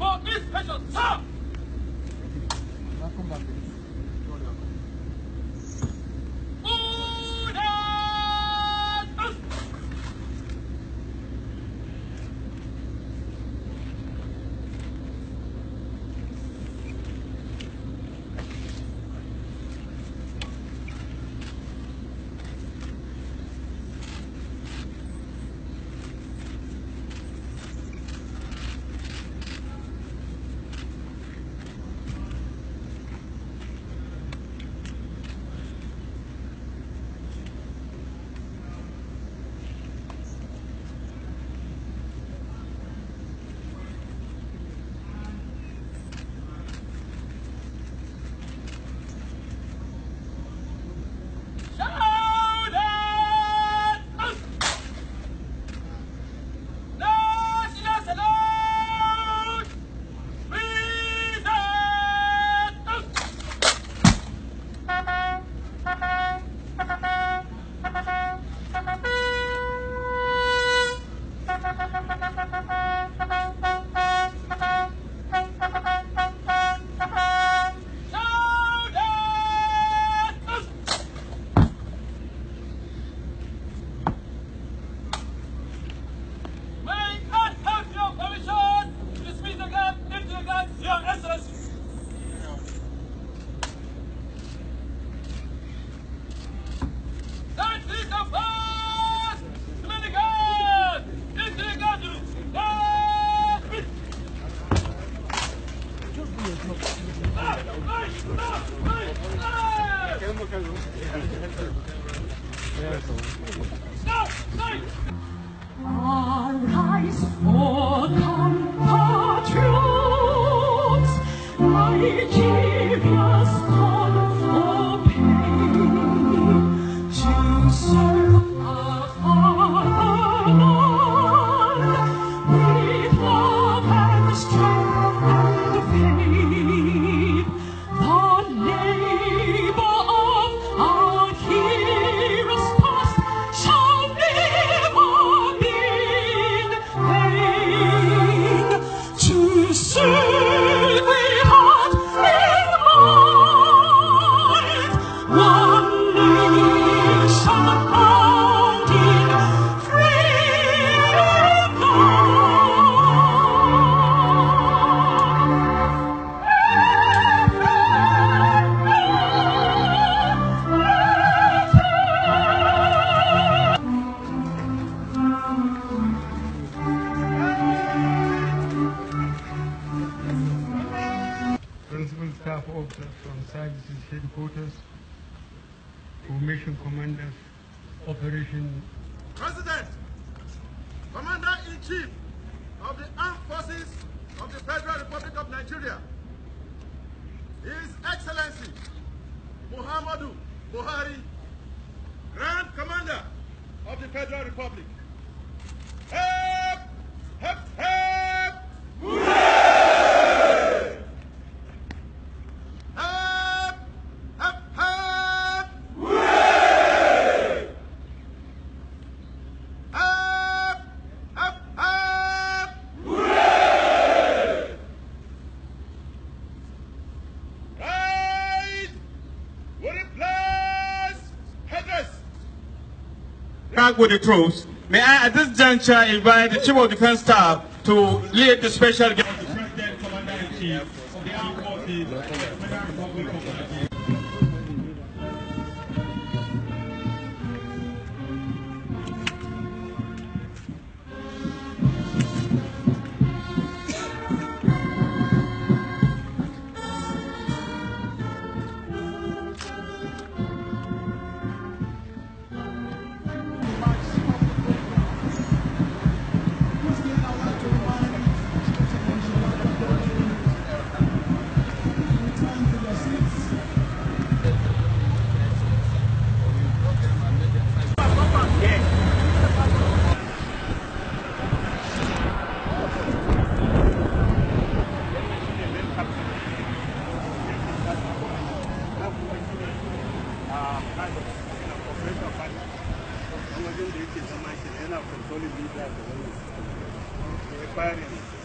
for this sir. Welcome back. Arise, O compatriots, my king. from Services Headquarters, Formation Commander, Operation. President, Commander-in-Chief of the Armed Forces of the Federal Republic of Nigeria, His Excellency Muhammadu Buhari, Grand Commander of the Federal Republic. back with the troops, may I at this juncture invite the Chief of Defense Staff to lead the special guest, the President, Commander-in-Chief of the Armed Forces. firing.